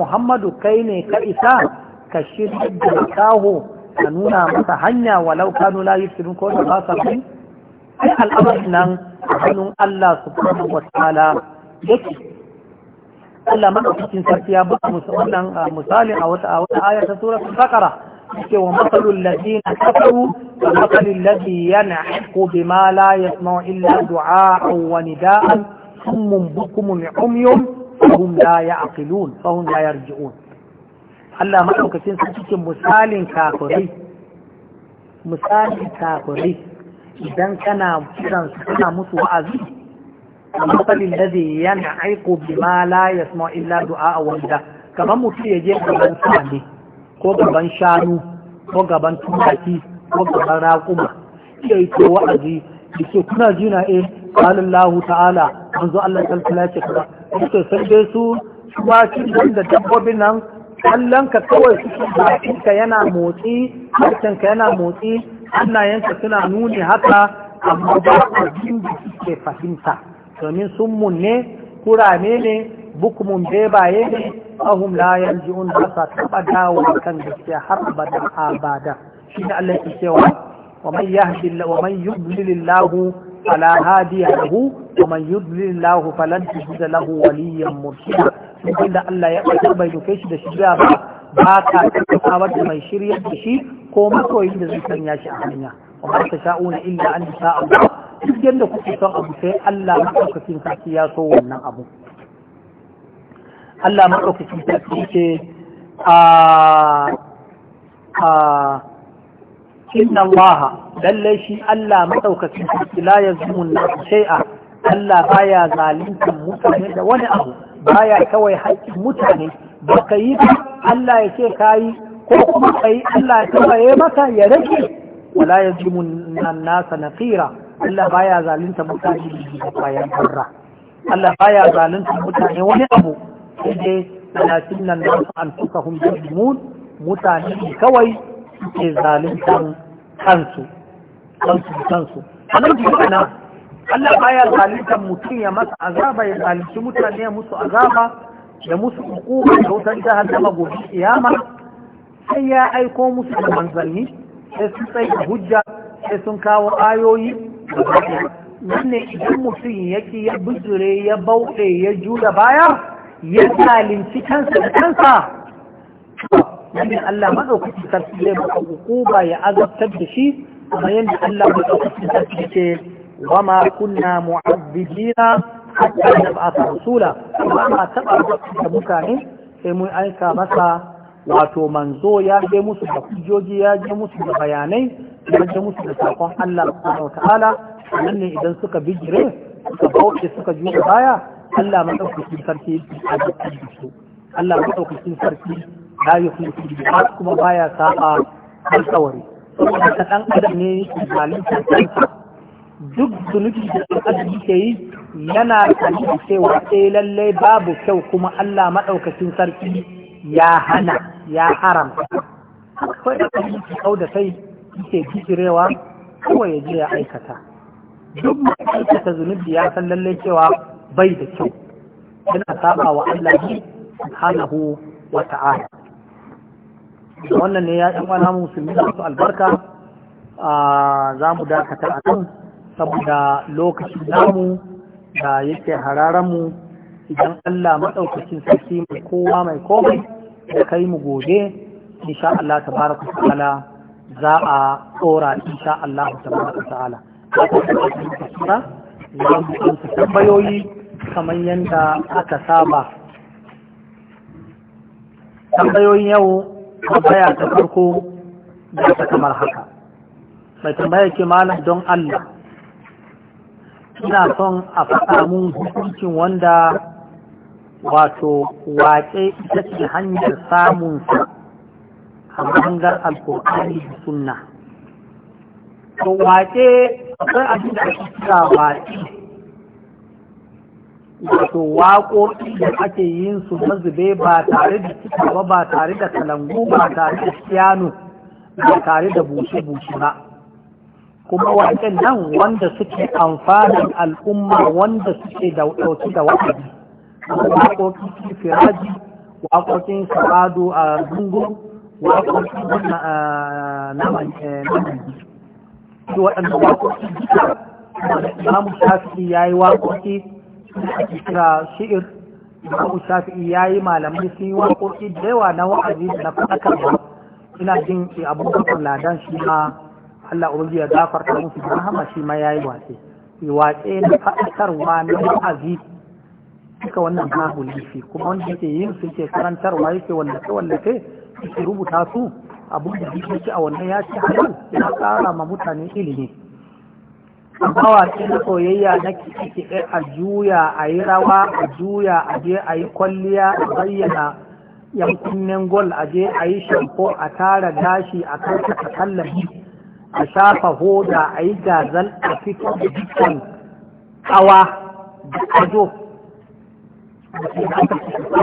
Muhammadu kai ne ka isa ka shirya da kaho ka nuna masa hanya walau kanu la yusirun ko da ba sa bin ai al'amarin nan hannun Allah subhanahu wa ta'ala yake Allah madaukakin sarki ya ba mu wannan ah, misalin a wata a wata aya ta suratul baqara yake wa lafi na kafaru lafi yana ladhi yanhaqu ma la yasma'u illa du'a wani nida'an summun bukumun umyun fahum la ya'qilun fahum la yarji'un Allah madaukakin su cikin misalin kafirai misalin kafirai idan kana kiran su kana musu wa'azi matsalin ladhi yanhaqu ma la yasma'u illa du'a wani nida'an kamar mutum ya je gaban sa ne ko gaban shanu ko gaban tumaki ko gaban raƙuma eh, ya yi to wa'azi da ke kuna jina ƙalin lahu ta'ala zo Allah ta alaihi kuma ya sai dai su tumakin nan da dabbobin nan ka kawai suke bakinka yana motsi harkenka yana motsi hannayenka suna nuni haka amma ba abin da suke fahimta domin sun munne kurame ne bukumun bebaye ne ahum la yanji'un ba sa taba dawo kan gaskiya har abada abada shi ne Allah ke cewa wa man yahdi wa man yudlil Allah hadiya lahu wa man yudlil Allah falan tajid lahu waliyan duk da Allah ya bata bai duke shi da shirya ba ba ka tsawar da mai shirya da shi ko masoyin da zai sanya shi a hanya wa ma sha'una illa an sa'a duk yadda kuke son abu sai Allah madaukakin sarki ya so wannan abu Allah maɗaukacin sarki ce a a inna waha. lallai shi Allah maɗaukacin sarki la yazmun nasu shay'a Allah baya zaluntar mutane da wani abu baya kawai haƙƙin mutane ba ka yi ba Allah ya ce ka yi ko kuma ka yi Allah ya tawaye maka ya rage wala ya ji munan nasa na fira Allah baya zalunta mutane da bayan barra Allah baya zalunta mutane wani abu sai dai walakin nan da su an suka hun mun mutane kawai suke zaluntan kansu kansu kansu a nan kana Allah baya zaluntan mutum ya masa azaba ya zalunci mutane ya musu azaba ya musu hukuma da wutar jahannama gobe kiyama sai ya aiko musu da manzanni sai sun tsaye da hujja sai sun kawo ayoyi da wannan idan mutum yake ya bijire ya bauɗe ya juya baya ya zalunci kansa da kansa yadda Allah maɗaukaki sarki zai maka hukuma ya azabtar da shi kuma yadda Allah maɗaukaki sarki ce wa ma kunna mu'azzibina hatta nab'atha rasula amma ma taba da mutane sai mun aika masa wato manzo ya je musu da hujjoji ya je musu da bayanai ya je musu da sakon Allah subhanahu wataala nan ne idan suka bijire suka bauce suka juya baya Allah maɗaukakin sarki a dukkan su Allah maɗaukakin sarki ya la yukhlifu al kuma baya sa'a alƙawari saboda ka dan adam ne zalunta kansa duk zunubin da dan adam yake yi yana kalli cewa eh lallai babu kyau kuma Allah maɗaukakin sarki ya hana ya haramta akwai da kan yake kau da kai yake bijirewa kawai ya je ya aikata duk mai aikata zunubi ya san lallai cewa bai da kyau yana saba wa Allah ne subhanahu wa ta'ala wannan ne ya ɗan wani musulmi masu albarka za mu dakatar a kan saboda lokacin namu da yake hararanmu idan Allah maɗaukacin sarki mai kowa mai komai da kai mu gobe insha Allah tabaraka ta'ala za a tsora insha Allah tabaraka ta'ala za mu amsa tambayoyi kamar yadda aka saba tambayoyin yau tambaya ta farko da ta kamar haka mai tambaya ke malam don Allah ina son a faɗa mun hukuncin wanda wato wace ita ce hanyar samunsa a bangar alƙoƙari da sunna. wace akwai abin da ake kira waƙe wato waƙoƙi da ake yin su na zube ba tare da cika ba ba tare da kalangu ba tare da piano ba tare da bushe-bushe ba kuma waƙen nan wanda suke amfanin al'umma wanda suke da ɗauki da waƙoƙi waƙoƙin firaji waƙoƙin sabado a dungun waƙoƙin na manji eh, waɗanda waƙoƙin jika da imamu shafi ya yi waƙoƙi ake kira shi'ir Imamu Shafi'i ya yi malamai sun yi waƙoƙi da yawa na wa'azi na faɗakarwa ina jin ke abubakar ladan shi ma Allah Ubangiji ya gafarta musu da rahama shi ma ya yi waƙe. Waƙe na faɗakarwa na wa'azi duka wannan babu kuma wanda yake yin su ke karantarwa yake wallafe wallafe yake rubuta su abun da yake a wannan ya ci halal ya ƙara ma mutane ilimi. ke na soyayya na kike-kike a juya a yi rawa a juya a je a yi kwalliya a bayyana yan kunnen gol a je a yi shampo a tara gashi a karkata tallafi a shafa hoda a yi gazal a fito da dukkan kawa da ado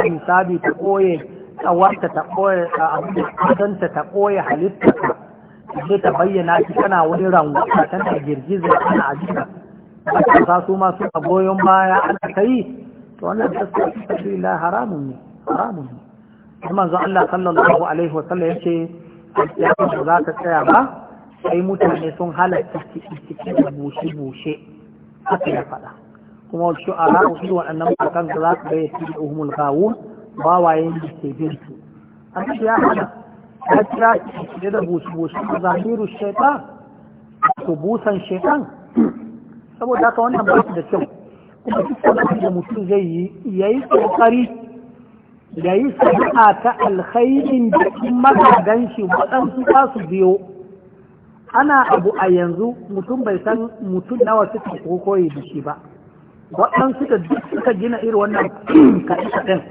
misali ta koye tsawarta ta koye a ta koye halittarta sai ta bayyana shi kana wani rangwata tana girgiza ana ajiyar matasa su masu suna goyon baya ana kai to wannan gaskiya shi sabilillah haramun ne haramun ne kuma manzo Allah sallallahu alaihi wa sallam yace ce, ba za ta tsaya ba sai mutane sun halatta cikin da bushe bushe haka ya faɗa kuma shu'ara su waɗannan bakan da za su yi cikin umul gawun bawayen da ke bin su a ya hana ya kira da busu-busu a zahiru shaitan su busan shaitan saboda haka wannan ba da kyau kuma su wani da mutum zai yi ya yi kokari ya yi sana'a ta alkhairin da kuma magagan shi waɗansu ta su biyo ana abu a yanzu mutum bai san mutum nawa suka kokoyi da shi ba waɗansu da duk suka gina irin wannan kaɗe-kaɗen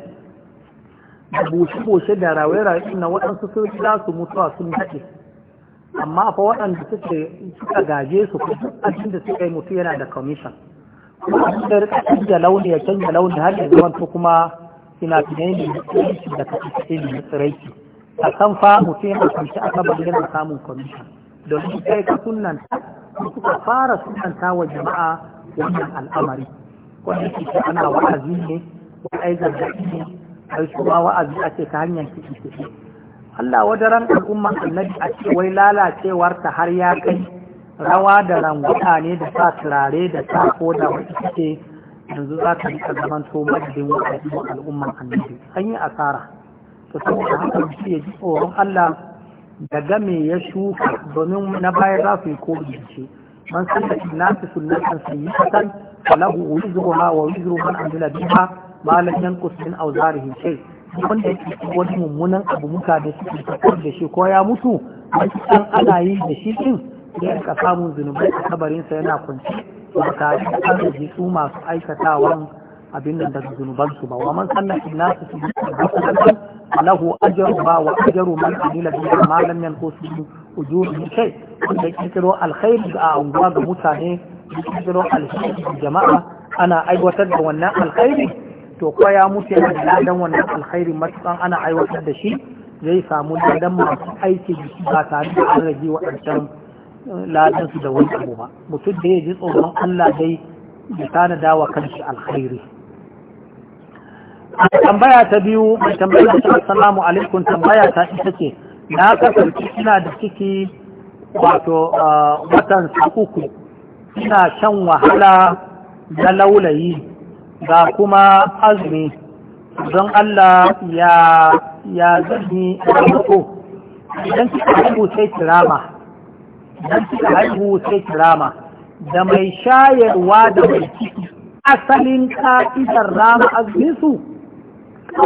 da bushe-bushe da rawaye-rawaye na waɗansu sun za su mutuwa sun daɗe amma fa waɗanda suke suka gaje su ko abinda da suka yi mutu yana da commission kuma abin da rika canja launi ya canja launi har da zaman to kuma fina-finai da tsiraici da kasance ne da a kan fa mutum yana kwanci a kabar yana samun commission su kai ka sunanta suka fara sunanta wa jama'a wannan al'amari wanda ke ana wa'azi ne wa'azi ne ai kuma wa'azi ake ce ta hanyar kiɗi kiɗi Allah ran al'umma annabi a ce wai lalacewar ta har ya kai rawa da ranguta ne da sa turare da sa ko da wata ce yanzu za ka rika zaman to madadin wa'azi annabi an yi asara to saboda haka mutum ya ji tsoron Allah daga me ya shuka domin na baya za su yi ko ce man san da nasu sunnatan sayyatan falahu wizruha wa wizru man amila biha ma la yanqus min wanda yake wani mummunan abu muka da suke fitar da shi ko ya mutu wani dan ana yi da shi din ya ka samu zunubai a kabarinsa yana kunci ba ta yi arziki su masu aikatawan abin nan daga zunubansu ba wa man sanna ina su su lahu ajru ba wa ajru man amila bi ma lam yanqus min ujurihi shay wanda ya kirkiro alkhairi a unguwa ga mutane ya kirkiro alkhairi jama'a ana aiwatar da wannan alkhairi to ko ya mutu yana da ladan wannan alkhairi matukan ana aiwatar da shi zai samu ladan masu aiki ba tare da an rage waɗancan eh, ladan su da wani abu ba mutum da ya ji tsoron Allah dai ya tanada wa kanshi alkhairi tambaya ta biyu mai tambaya ta assalamu alaikum tambaya ta ita ce na kasance ina da ciki wato eh, watan uku ina shan wahala na laulayi ga kuma azumi don Allah ya ya zarni ramako don kika haihu sai kirama don kika haihu sai kirama da mai shayarwa da mai ciki asalin ka'idar rama azumin su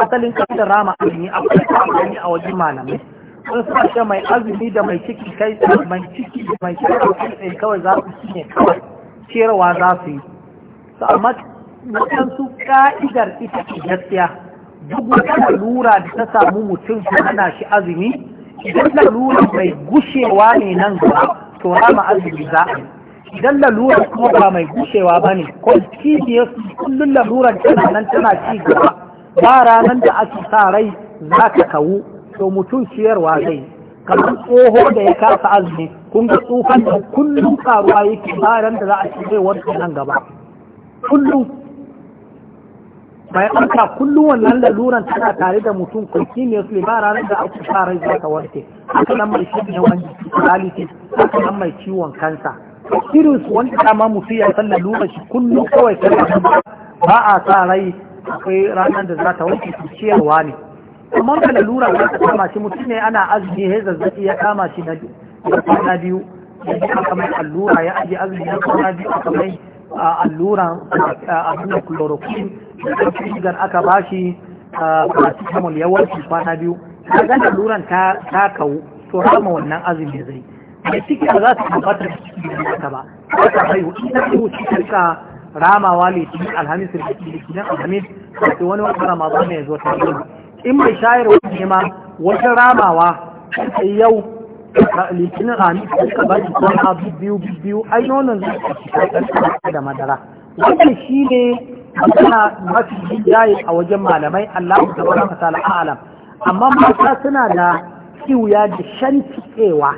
asalin ka'idar rama azumi a ka'idani a wajen malamai sun suka ce mai azumi da mai ciki kai mai ciki da mai ciki kai kawai za su ci ne kawai ciyarwa za su yi amma waɗansu ka'idar ita ce gaskiya duk wata lura da ta samu mutum ta hana shi azumi idan lalura mai gushewa ne nan gaba to rama azumi za a yi idan lalura kuma ba mai gushewa ba ne continuous kullum lalurar tana nan tana ci gaba ba ranar da ake sa rai za ka kawu to mutum ciyarwa zai kamar tsoho da ya kasa azumi kun ga tsufan da kullum karuwa yake ba ran da za a ci zai nan gaba kullum bayan amsa kullum wannan laluran tana tare da mutum kwanci ne su ba ranar da aka sa rai za ta warke haka nan mai shan wani dialysis haka nan mai ciwon kansa irin su wanda dama mutum ya san laluran shi kullum kawai sai ba a sa rai akwai ranar da za ta warke su ciyarwa ne amma da lalura za ta kama shi mutum ne ana azumi ya zazzabi ya kama shi na kwana biyu ya ji aka mai allura ya aji azumi na kwana biyu kamar mai allura a hannun chloroquine da shigar aka bashi samun yawon warke kwana biyu ka ga luran ta kawo to rama wannan azumi zai da ciki ba za su tabbatar da aka ba za ta haihu in ta haihu da ka ramawa litinin alhamis litinin alhamis ke wani wata ramadan ne ya zo ta haihu in mai shayar wani ne ma wata ramawa ta yau litinin alhamis suka ba shi kwana biyu biyu ai nonon zai ta da madara wannan shi ne magana mafi hijaye a wajen malamai Allah ta baraka ta alam amma mata suna da kiwuya da shan cikewa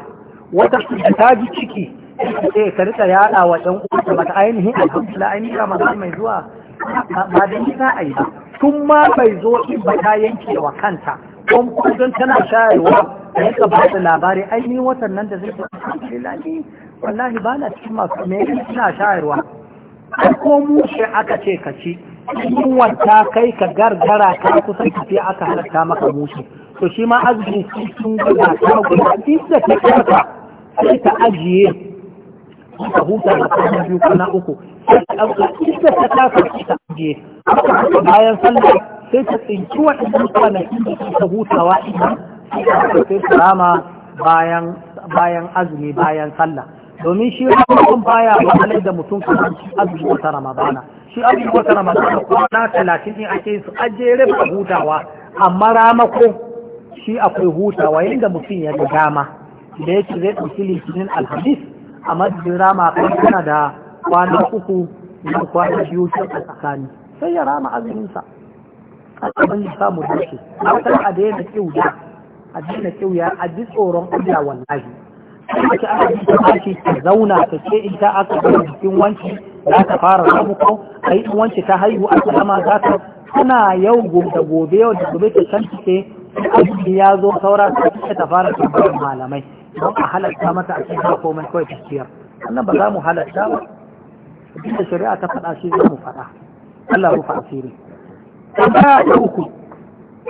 wata ta ji ciki sai ta rika yada wa ɗan uwa mata ainihin alhamdulillah ainihin ramadan mai zuwa ba da nisa a yi ba tun ma bai zo in ba ta yanke wa kanta don kudin tana shayarwa da yi ba da labari ainihin watan nan da zai zo alhamdulillah ni wallahi ba na cikin masu me ina shayarwa Ko mushe shi aka ce ka ci yunwar ta kai ka gargara ka kusan tafiya aka halatta maka mushe. to shi ma azumin sun guda ta gudu. inda ta karka sai ta ajiye ka huta da kuma biyu kwana uku sai ta ɗauka inda ta karka sai ta ajiye haka bayan sallah sai ta tsinci waɗannan na da ta hutawa ina sai ta rama bayan azumi bayan sallah domin shi ramadan baya wahalar da mutum shi abin wata ramadana shi abin wata ramadana kwana talatin in ake su ajere ba hutawa amma ramako shi akwai hutawa yadda mutum ya dama da yake zai ɗauki litinin alhamis a madadin rama kan tana da kwana uku na kwana biyu shi a tsakani sai ya rama azuminsa a tsaban ya samu dace a wata a daina ya a daina tsoron Allah wallahi ita aka yi ta ce ta zauna ta ce ta aka ga jikin wanki za ta fara a yi in wanki ta haihu a sama za ta tana yau da gobe yau da gobe ta san ce aiki ya zo saura ta ta fara tambayar malamai don a halatta mata a cikin komai kawai ta ciyar annan ba za mu halatta ba duk da shari'a ta faɗa shi za mu faɗa Allah rufa asiri tambaya ta uku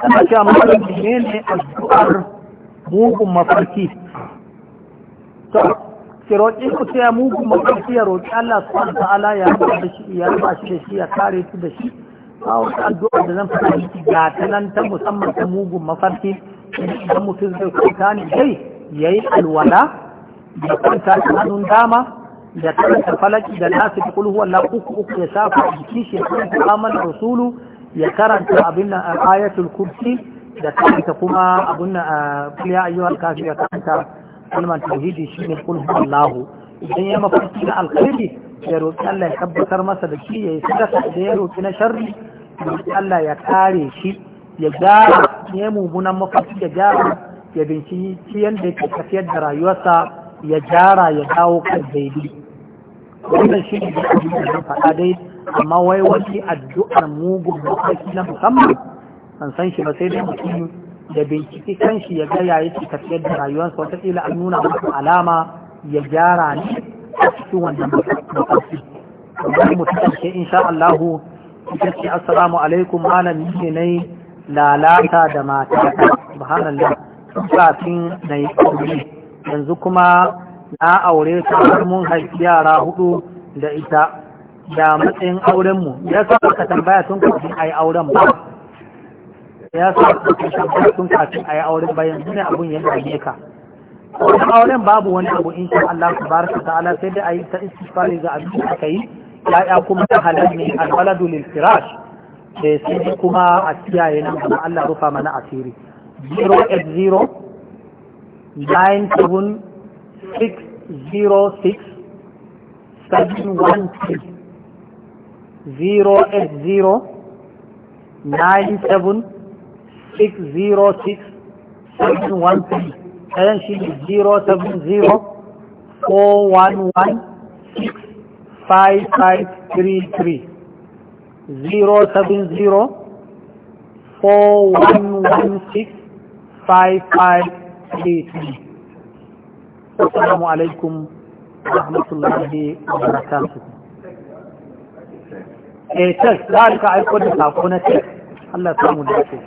tana cewa malam ne ne addu'ar mugun mafarki ki roƙi ku sai mugu mafarki ya roƙi Allah subhanahu ta'ala ya ba da shi ya ba shi da shi ya kare su da shi ba wata addu'a da zan fara miki ga ta ta musamman ta mugun mafarki idan mutum zai kwanta ne dai yayi alwala da kwanta ta hannun dama da karanta falaki da nasu da kulhu wallah uku uku ya safa a jiki shi karanta amal rasulu ya karanta abin nan ayatul kursi da karanta kuma abin nan ya ayyuhal kafir ya karanta kalmar tauhidi shi ne kul Allahu idan ya mafarki na alkhairi ya roƙi Allah ya tabbatar masa da shi ya yi sadaka ya roƙi na sharri roƙi Allah ya kare shi ya gyara ya mummunan mafarki ya gyara ya binci yadda yake tafiyar da rayuwarsa ya gyara ya dawo kan daidai wannan shi ne da faɗa dai amma wai wani addu'ar mugun mafarki na musamman ban san shi ba sai dai mutum Da binciki kanshi ya ga yayi tafiyar da rayuwarsa wataƙila an nuna masa alama ya gyara ne a cikin wannan mafarki kamar mu ta ƙarshe insha Allah ita ce assalamu alaikum malam ne lalata da mata subhanallah kafin na yi aure yanzu kuma na aure ta har mun haifi yara hudu da ita da matsayin aurenmu ya sa ka tambaya tun kafin a auren ba ya sa kuka shan sun kafin a yi auren bayan sune abun yadda a ka wani auren babu wani abu in shi Allah su ta'ala sai dai a yi ta istighfari ga abin da aka yi ya ya kuma ta halar ne albaladu lil firash ya eh, sai kuma a kiyaye nan kuma Allah rufa mana asiri 080 97 606 713 080 97 606 713 ɗayan shi ne 070 411 65533 070 411 65533 السلام عليكم ورحمة eh tek za a aiko da sako na tek Allah samu da ake